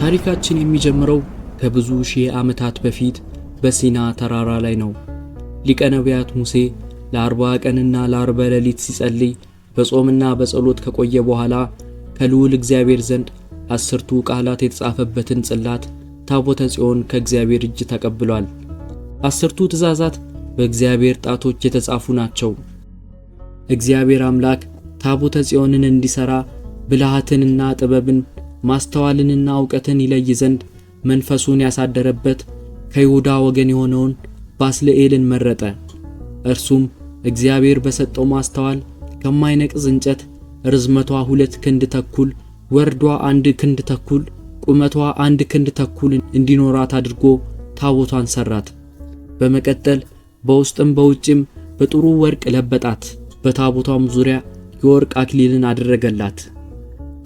ታሪካችን የሚጀምረው ከብዙ ሺህ ዓመታት በፊት በሲና ተራራ ላይ ነው። ሊቀ ነቢያት ሙሴ ለአርባ ቀንና ለአርባ ሌሊት ሲጸልይ በጾምና በጸሎት ከቆየ በኋላ ከልዑል እግዚአብሔር ዘንድ አስርቱ ቃላት የተጻፈበትን ጽላት ታቦተ ጽዮን ከእግዚአብሔር እጅ ተቀብሏል። አስርቱ ትእዛዛት በእግዚአብሔር ጣቶች የተጻፉ ናቸው። እግዚአብሔር አምላክ ታቦተ ጽዮንን እንዲሠራ ብልሃትንና ጥበብን ማስተዋልንና እውቀትን ይለይ ዘንድ መንፈሱን ያሳደረበት ከይሁዳ ወገን የሆነውን ባስልኤልን መረጠ። እርሱም እግዚአብሔር በሰጠው ማስተዋል ከማይነቅዝ እንጨት ርዝመቷ ሁለት ክንድ ተኩል ወርዷ አንድ ክንድ ተኩል ቁመቷ አንድ ክንድ ተኩል እንዲኖራት አድርጎ ታቦቷን ሰራት። በመቀጠል በውስጥም በውጭም በጥሩ ወርቅ ለበጣት። በታቦቷም ዙሪያ የወርቅ አክሊልን አደረገላት።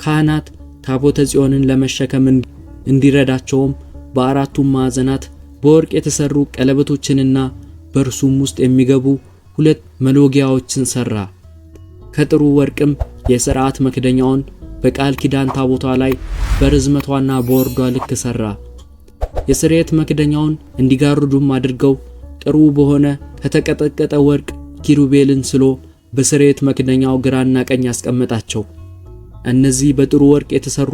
ካህናት ታቦተ ጽዮንን ለመሸከም እንዲረዳቸውም በአራቱም ማዕዘናት በወርቅ የተሰሩ ቀለበቶችንና በእርሱም ውስጥ የሚገቡ ሁለት መሎጊያዎችን ሰራ። ከጥሩ ወርቅም የሥርዓት መክደኛውን በቃል ኪዳን ታቦቷ ላይ በርዝመቷና በወርዷ ልክ ሰራ። የስርየት መክደኛውን እንዲጋርዱም አድርገው ጥሩ በሆነ ከተቀጠቀጠ ወርቅ ኪሩቤልን ስሎ በስርየት መክደኛው ግራና ቀኝ አስቀመጣቸው። እነዚህ በጥሩ ወርቅ የተሰሩ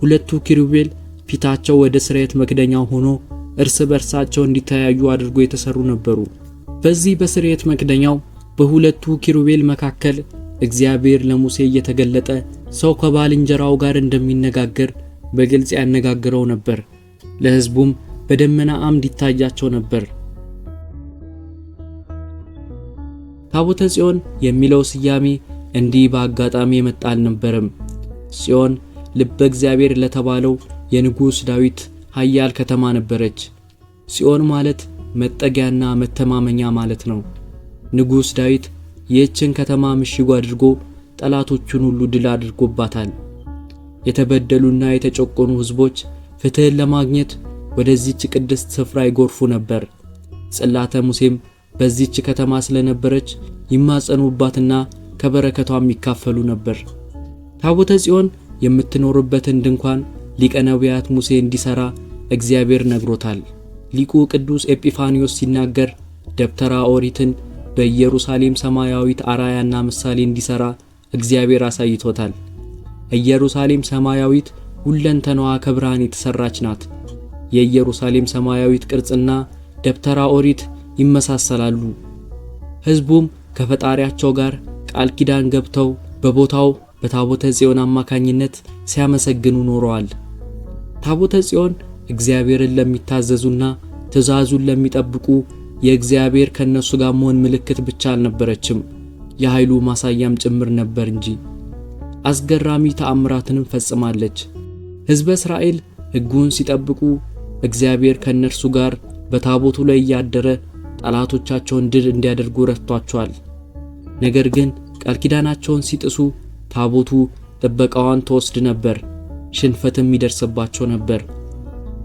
ሁለቱ ኪሩቤል ፊታቸው ወደ ስርየት መክደኛ ሆኖ እርስ በርሳቸው እንዲተያዩ አድርጎ የተሰሩ ነበሩ። በዚህ በስርየት መክደኛው በሁለቱ ኪሩቤል መካከል እግዚአብሔር ለሙሴ እየተገለጠ ሰው ከባልንጀራው ጋር እንደሚነጋገር በግልጽ ያነጋግረው ነበር። ለሕዝቡም በደመና አምድ ይታያቸው ነበር። ታቦተ ጽዮን የሚለው ስያሜ እንዲህ በአጋጣሚ የመጣ አልነበረም። ጽዮን ልበ እግዚአብሔር ለተባለው የንጉሥ ዳዊት ኃያል ከተማ ነበረች። ጽዮን ማለት መጠጊያና መተማመኛ ማለት ነው። ንጉሥ ዳዊት ይህችን ከተማ ምሽጉ አድርጎ ጠላቶቹን ሁሉ ድል አድርጎባታል። የተበደሉና የተጨቆኑ ሕዝቦች ፍትሕን ለማግኘት ወደዚች ቅድስት ስፍራ ይጎርፉ ነበር። ጽላተ ሙሴም በዚች ከተማ ስለነበረች ይማጸኑባትና ከበረከቷም ይካፈሉ ነበር። ታቦተ ጽዮን የምትኖርበትን ድንኳን ሊቀ ነቢያት ሙሴ እንዲሠራ እግዚአብሔር ነግሮታል። ሊቁ ቅዱስ ኤጲፋኒዮስ ሲናገር ደብተራ ኦሪትን በኢየሩሳሌም ሰማያዊት አራያና ምሳሌ እንዲሠራ እግዚአብሔር አሳይቶታል። ኢየሩሳሌም ሰማያዊት ሁለንተናዋ ከብርሃን የተሠራች ናት። የኢየሩሳሌም ሰማያዊት ቅርጽና ደብተራ ኦሪት ይመሳሰላሉ። ሕዝቡም ከፈጣሪያቸው ጋር ቃል ኪዳን ገብተው በቦታው በታቦተ ጽዮን አማካኝነት ሲያመሰግኑ ኖረዋል። ታቦተ ጽዮን እግዚአብሔርን ለሚታዘዙና ትእዛዙን ለሚጠብቁ የእግዚአብሔር ከእነሱ ጋር መሆን ምልክት ብቻ አልነበረችም፣ የኃይሉ ማሳያም ጭምር ነበር እንጂ። አስገራሚ ተአምራትንም ፈጽማለች። ሕዝበ እስራኤል ሕጉን ሲጠብቁ እግዚአብሔር ከእነርሱ ጋር በታቦቱ ላይ እያደረ ጠላቶቻቸውን ድል እንዲያደርጉ ረድቷቸዋል። ነገር ግን ቃል ኪዳናቸውን ሲጥሱ ታቦቱ ጥበቃዋን ትወስድ ነበር፣ ሽንፈትም ይደርስባቸው ነበር።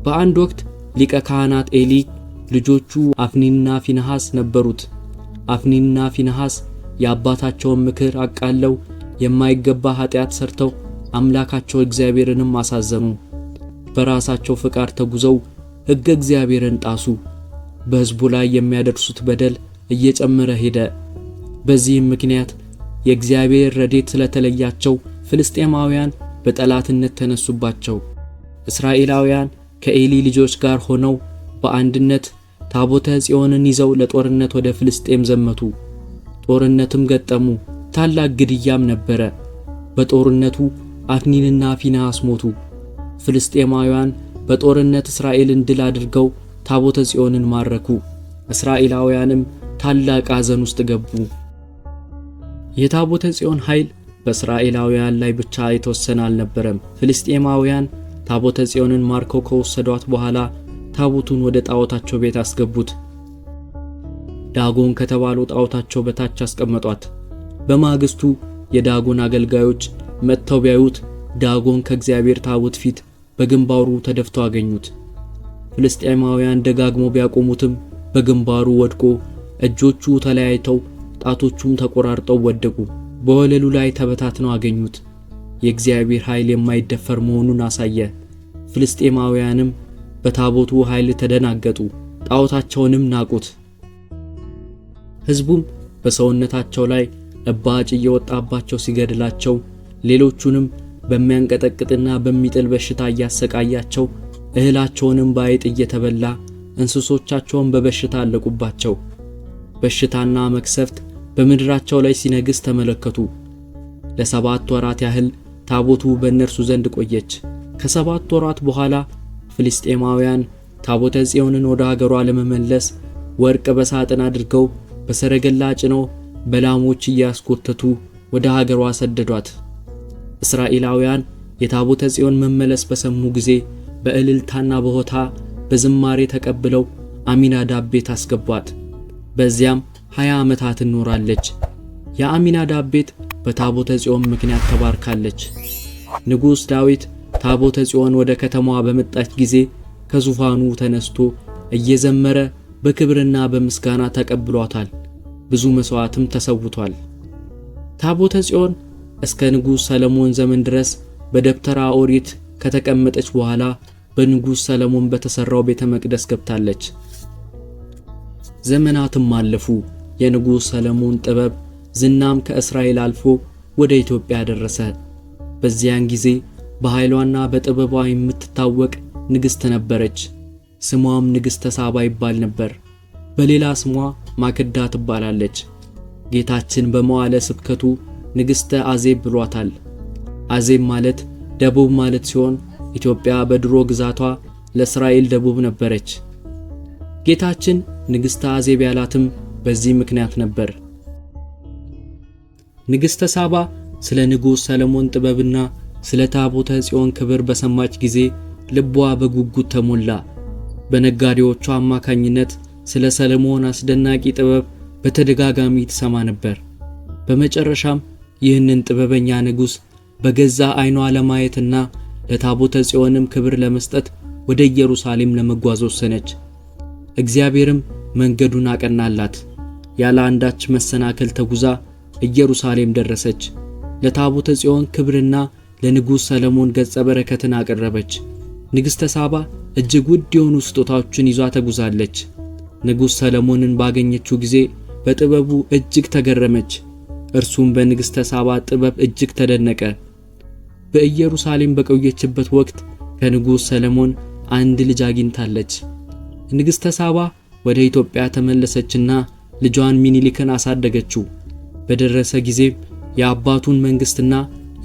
በአንድ ወቅት ሊቀ ካህናት ኤሊ ልጆቹ አፍኒና ፊንሐስ ነበሩት። አፍኒና ፊንሐስ የአባታቸውን ምክር አቃለው የማይገባ ኃጢአት ሰርተው አምላካቸው እግዚአብሔርንም አሳዘኑ። በራሳቸው ፍቃድ ተጉዘው ሕገ እግዚአብሔርን ጣሱ። በሕዝቡ ላይ የሚያደርሱት በደል እየጨመረ ሄደ። በዚህም ምክንያት የእግዚአብሔር ረዴት ስለተለያቸው ፍልስጤማውያን በጠላትነት ተነሱባቸው። እስራኤላውያን ከኤሊ ልጆች ጋር ሆነው በአንድነት ታቦተ ጽዮንን ይዘው ለጦርነት ወደ ፍልስጤም ዘመቱ። ጦርነትም ገጠሙ። ታላቅ ግድያም ነበረ። በጦርነቱ አፍኒንና ፊናሃስ ሞቱ። ፍልስጤማውያን በጦርነት እስራኤልን ድል አድርገው ታቦተ ጽዮንን ማረኩ። እስራኤላውያንም ታላቅ ሐዘን ውስጥ ገቡ። የታቦተ ጽዮን ኃይል በእስራኤላውያን ላይ ብቻ የተወሰነ አልነበረም። ፍልስጤማውያን ታቦተ ጽዮንን ማርከው ከወሰዷት በኋላ ታቦቱን ወደ ጣዖታቸው ቤት አስገቡት። ዳጎን ከተባለው ጣዖታቸው በታች አስቀመጧት። በማግስቱ የዳጎን አገልጋዮች መጥተው ቢያዩት ዳጎን ከእግዚአብሔር ታቦት ፊት በግንባሩ ተደፍቶ አገኙት። ፍልስጤማውያን ደጋግሞ ቢያቆሙትም በግንባሩ ወድቆ እጆቹ ተለያይተው ጣቶቹም ተቆራርጠው ወደቁ። በወለሉ ላይ ተበታትነው አገኙት። የእግዚአብሔር ኃይል የማይደፈር መሆኑን አሳየ። ፍልስጤማውያንም በታቦቱ ኃይል ተደናገጡ፣ ጣዖታቸውንም ናቁት። ሕዝቡም በሰውነታቸው ላይ እባጭ እየወጣባቸው ሲገድላቸው፣ ሌሎቹንም በሚያንቀጠቅጥና በሚጥል በሽታ እያሰቃያቸው፣ እህላቸውንም በአይጥ እየተበላ እንስሶቻቸውን በበሽታ አለቁባቸው። በሽታና መክሰፍት በምድራቸው ላይ ሲነግስ ተመለከቱ። ለሰባት ወራት ያህል ታቦቱ በእነርሱ ዘንድ ቆየች። ከሰባት ወራት በኋላ ፍልስጤማውያን ታቦተ ጽዮንን ወደ አገሯ ለመመለስ ወርቅ በሳጥን አድርገው በሰረገላ ጭነው በላሞች እያስጎተቱ ወደ ሀገሯ ሰደዷት። እስራኤላውያን የታቦተ ጽዮን መመለስ በሰሙ ጊዜ በእልልታና በሆታ በዝማሬ ተቀብለው አሚናዳብ ቤት አስገቧት። በዚያም 20 ዓመታት ኖራለች። የአሚናዳብ ቤት በታቦተ ጽዮን ምክንያት ተባርካለች። ንጉሥ ዳዊት ታቦተ ጽዮን ወደ ከተማዋ በመጣች ጊዜ ከዙፋኑ ተነስቶ እየዘመረ በክብርና በምስጋና ተቀብሏታል። ብዙ መሥዋዕትም ተሰውቷል። ታቦተ ጽዮን እስከ ንጉሥ ሰለሞን ዘመን ድረስ በደብተራ ኦሪት ከተቀመጠች በኋላ በንጉሥ ሰለሞን በተሠራው ቤተ መቅደስ ገብታለች። ዘመናትም አለፉ። የንጉሥ ሰለሞን ጥበብ ዝናም ከእስራኤል አልፎ ወደ ኢትዮጵያ ደረሰ። በዚያን ጊዜ በኃይሏና በጥበቧ የምትታወቅ ንግሥት ነበረች። ስሟም ንግሥተ ሳባ ይባል ነበር። በሌላ ስሟ ማክዳ ትባላለች። ጌታችን በመዋለ ስብከቱ ንግሥተ አዜብ ብሏታል። አዜብ ማለት ደቡብ ማለት ሲሆን ኢትዮጵያ በድሮ ግዛቷ ለእስራኤል ደቡብ ነበረች። ጌታችን ንግሥተ አዜብ ያላትም በዚህ ምክንያት ነበር። ንግሥተ ሳባ ስለ ንጉሥ ሰለሞን ጥበብና ስለ ታቦተ ጽዮን ክብር በሰማች ጊዜ ልቧ በጉጉት ተሞላ። በነጋዴዎቿ አማካኝነት ስለ ሰለሞን አስደናቂ ጥበብ በተደጋጋሚ ትሰማ ነበር። በመጨረሻም ይህንን ጥበበኛ ንጉሥ በገዛ ዓይኗ ለማየትና ለታቦተ ጽዮንም ክብር ለመስጠት ወደ ኢየሩሳሌም ለመጓዝ ወሰነች። እግዚአብሔርም መንገዱን አቀናላት። ያለ አንዳች መሰናከል ተጉዛ ኢየሩሳሌም ደረሰች። ለታቦተ ጽዮን ክብርና ለንጉሥ ሰለሞን ገጸ በረከትን አቀረበች። ንግሥተ ሳባ እጅግ ውድ የሆኑ ስጦታዎችን ይዟ ተጉዛለች። ንጉሥ ሰለሞንን ባገኘችው ጊዜ በጥበቡ እጅግ ተገረመች። እርሱም በንግሥተ ሳባ ጥበብ እጅግ ተደነቀ። በኢየሩሳሌም በቆየችበት ወቅት ከንጉሥ ሰለሞን አንድ ልጅ አግኝታለች። ንግሥተ ሳባ ወደ ኢትዮጵያ ተመለሰችና ልጇን ሚኒሊክን አሳደገችው። በደረሰ ጊዜም የአባቱን መንግሥትና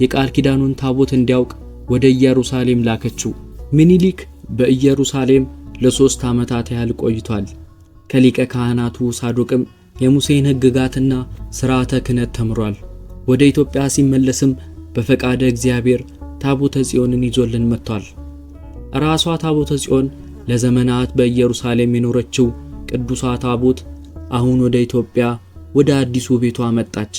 የቃል ኪዳኑን ታቦት እንዲያውቅ ወደ ኢየሩሳሌም ላከችው። ሚኒሊክ በኢየሩሳሌም ለሦስት ዓመታት ያህል ቆይቷል። ከሊቀ ካህናቱ ሳዶቅም የሙሴን ሕግጋትና ሥርዓተ ክህነት ተምሯል። ወደ ኢትዮጵያ ሲመለስም በፈቃደ እግዚአብሔር ታቦተ ጽዮንን ይዞልን መጥቷል። ራሷ ታቦተ ጽዮን ለዘመናት በኢየሩሳሌም የኖረችው ቅዱሷ ታቦት አሁን ወደ ኢትዮጵያ ወደ አዲሱ ቤቷ መጣች።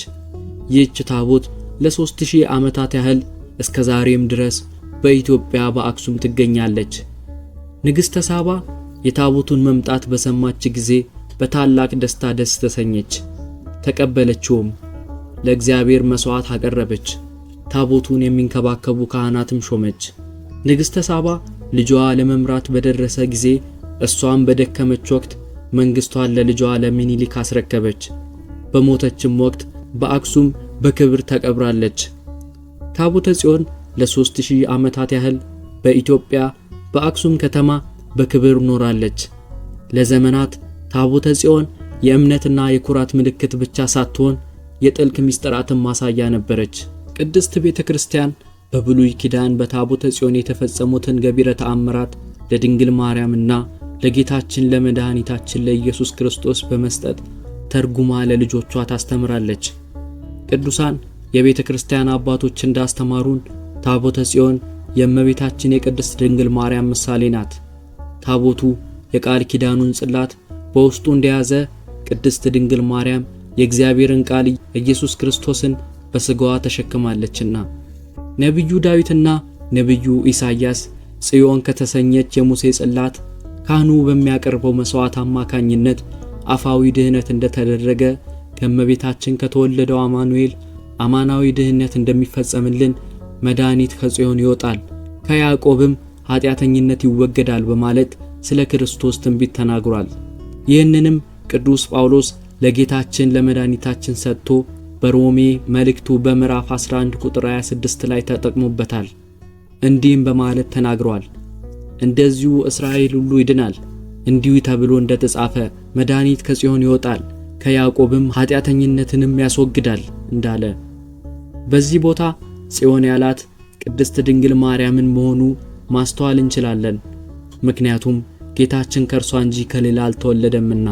ይህች ታቦት ለሦስት ሺህ ዓመታት ያህል እስከ ዛሬም ድረስ በኢትዮጵያ በአክሱም ትገኛለች። ንግሥተ ሳባ የታቦቱን መምጣት በሰማች ጊዜ በታላቅ ደስታ ደስ ተሰኘች፣ ተቀበለችውም። ለእግዚአብሔር መሥዋዕት አቀረበች። ታቦቱን የሚንከባከቡ ካህናትም ሾመች። ንግሥተ ሳባ ልጇ ለመምራት በደረሰ ጊዜ እሷም በደከመች ወቅት መንግስቷን ለልጇ ለሚኒሊክ አስረከበች። በሞተችም ወቅት በአክሱም በክብር ተቀብራለች። ታቦተ ጽዮን ለሦስት ሺህ ዓመታት ያህል በኢትዮጵያ በአክሱም ከተማ በክብር ኖራለች። ለዘመናት ታቦተ ጽዮን የእምነትና የኩራት ምልክት ብቻ ሳትሆን የጥልቅ ምስጢራትን ማሳያ ነበረች። ቅድስት ቤተ ክርስቲያን በብሉይ ኪዳን በታቦተ ጽዮን የተፈጸሙትን ገቢረ ተአምራት ለድንግል ማርያምና ለጌታችን ለመድኃኒታችን ለኢየሱስ ክርስቶስ በመስጠት ተርጉማ ለልጆቿ ታስተምራለች። ቅዱሳን የቤተ ክርስቲያን አባቶች እንዳስተማሩን ታቦተ ጽዮን የእመቤታችን የቅድስት ድንግል ማርያም ምሳሌ ናት። ታቦቱ የቃል ኪዳኑን ጽላት በውስጡ እንደያዘ ቅድስት ድንግል ማርያም የእግዚአብሔርን ቃል ኢየሱስ ክርስቶስን በሥጋዋ ተሸክማለችና ነቢዩ ዳዊትና ነቢዩ ኢሳይያስ ጽዮን ከተሰኘች የሙሴ ጽላት ካህኑ በሚያቀርበው መስዋዕት አማካኝነት አፋዊ ድህነት እንደተደረገ ከእመቤታችን ከተወለደው አማኑኤል አማናዊ ድህነት እንደሚፈጸምልን መድኃኒት ከጽዮን ይወጣል ከያዕቆብም ኃጢአተኝነት ይወገዳል በማለት ስለ ክርስቶስ ትንቢት ተናግሯል። ይህንንም ቅዱስ ጳውሎስ ለጌታችን ለመድኃኒታችን ሰጥቶ በሮሜ መልእክቱ በምዕራፍ 11 ቁጥር 26 ላይ ተጠቅሞበታል። እንዲህም በማለት ተናግሯል። እንደዚሁ እስራኤል ሁሉ ይድናል። እንዲሁ ተብሎ እንደተጻፈ መድኃኒት ከጽዮን ይወጣል፣ ከያዕቆብም ኃጢአተኝነትንም ያስወግዳል እንዳለ በዚህ ቦታ ጽዮን ያላት ቅድስት ድንግል ማርያምን መሆኑ ማስተዋል እንችላለን። ምክንያቱም ጌታችን ከእርሷ እንጂ ከሌላ አልተወለደምና።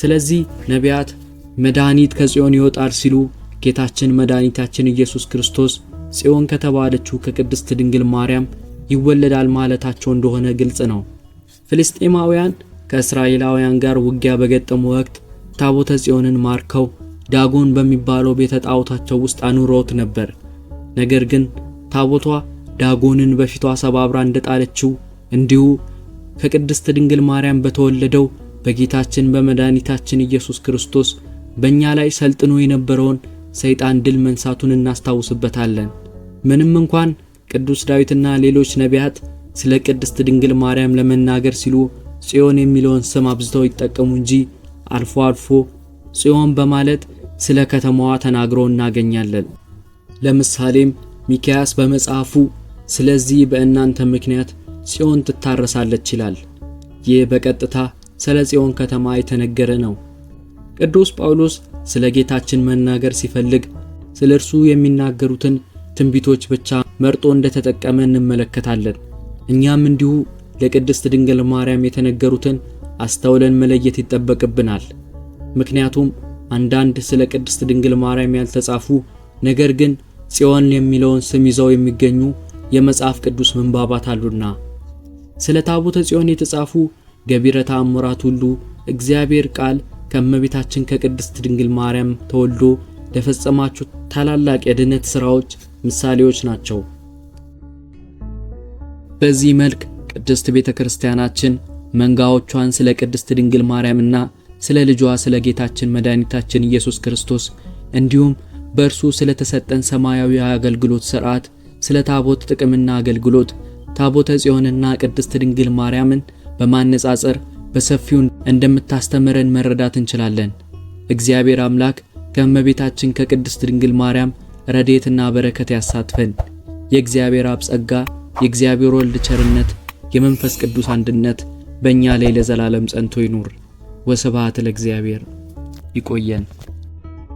ስለዚህ ነቢያት መድኃኒት ከጽዮን ይወጣል ሲሉ ጌታችን መድኃኒታችን ኢየሱስ ክርስቶስ ጽዮን ከተባለችው ከቅድስት ድንግል ማርያም ይወለዳል ማለታቸው እንደሆነ ግልጽ ነው። ፍልስጤማውያን ከእስራኤላውያን ጋር ውጊያ በገጠሙ ወቅት ታቦተ ጽዮንን ማርከው ዳጎን በሚባለው ቤተ ጣዖታቸው ውስጥ አኑረውት ነበር። ነገር ግን ታቦቷ ዳጎንን በፊቷ ሰባብራ እንደጣለችው እንዲሁ ከቅድስት ድንግል ማርያም በተወለደው በጌታችን በመድኃኒታችን ኢየሱስ ክርስቶስ በእኛ ላይ ሰልጥኖ የነበረውን ሰይጣን ድል መንሳቱን እናስታውስበታለን። ምንም እንኳን ቅዱስ ዳዊትና ሌሎች ነቢያት ስለ ቅድስት ድንግል ማርያም ለመናገር ሲሉ ጽዮን የሚለውን ስም አብዝተው ይጠቀሙ እንጂ አልፎ አልፎ ጽዮን በማለት ስለ ከተማዋ ተናግሮ እናገኛለን። ለምሳሌም ሚካያስ በመጽሐፉ ስለዚህ በእናንተ ምክንያት ጽዮን ትታረሳለች ይላል። ይህ በቀጥታ ስለ ጽዮን ከተማ የተነገረ ነው። ቅዱስ ጳውሎስ ስለ ጌታችን መናገር ሲፈልግ ስለ እርሱ የሚናገሩትን ትንቢቶች ብቻ መርጦ እንደተጠቀመ እንመለከታለን። እኛም እንዲሁ ለቅድስት ድንግል ማርያም የተነገሩትን አስተውለን መለየት ይጠበቅብናል። ምክንያቱም አንዳንድ ስለ ቅድስት ድንግል ማርያም ያልተጻፉ ነገር ግን ጽዮን የሚለውን ስም ይዘው የሚገኙ የመጽሐፍ ቅዱስ ምንባባት አሉና ስለ ታቦተ ጽዮን የተጻፉ ገቢረ ተአምራት ሁሉ እግዚአብሔር ቃል ከእመቤታችን ከቅድስት ድንግል ማርያም ተወልዶ ለፈጸማችሁ ታላላቅ የድነት ሥራዎች ምሳሌዎች ናቸው። በዚህ መልክ ቅድስት ቤተ ክርስቲያናችን መንጋዎቿን ስለ ቅድስት ድንግል ማርያምና ስለ ልጇ ስለ ጌታችን መድኃኒታችን ኢየሱስ ክርስቶስ እንዲሁም በእርሱ ስለተሰጠን ሰማያዊ አገልግሎት ሥርዓት፣ ስለ ታቦት ጥቅምና አገልግሎት ታቦተ ጽዮንና ቅድስት ድንግል ማርያምን በማነጻጸር በሰፊው እንደምታስተምረን መረዳት እንችላለን። እግዚአብሔር አምላክ ከእመቤታችን ከቅድስት ድንግል ማርያም ረዴትና በረከት ያሳትፈን። የእግዚአብሔር አብ ጸጋ፣ የእግዚአብሔር ወልድ ቸርነት፣ የመንፈስ ቅዱስ አንድነት በእኛ ላይ ለዘላለም ጸንቶ ይኑር። ወስብሐት ለእግዚአብሔር። ይቆየን።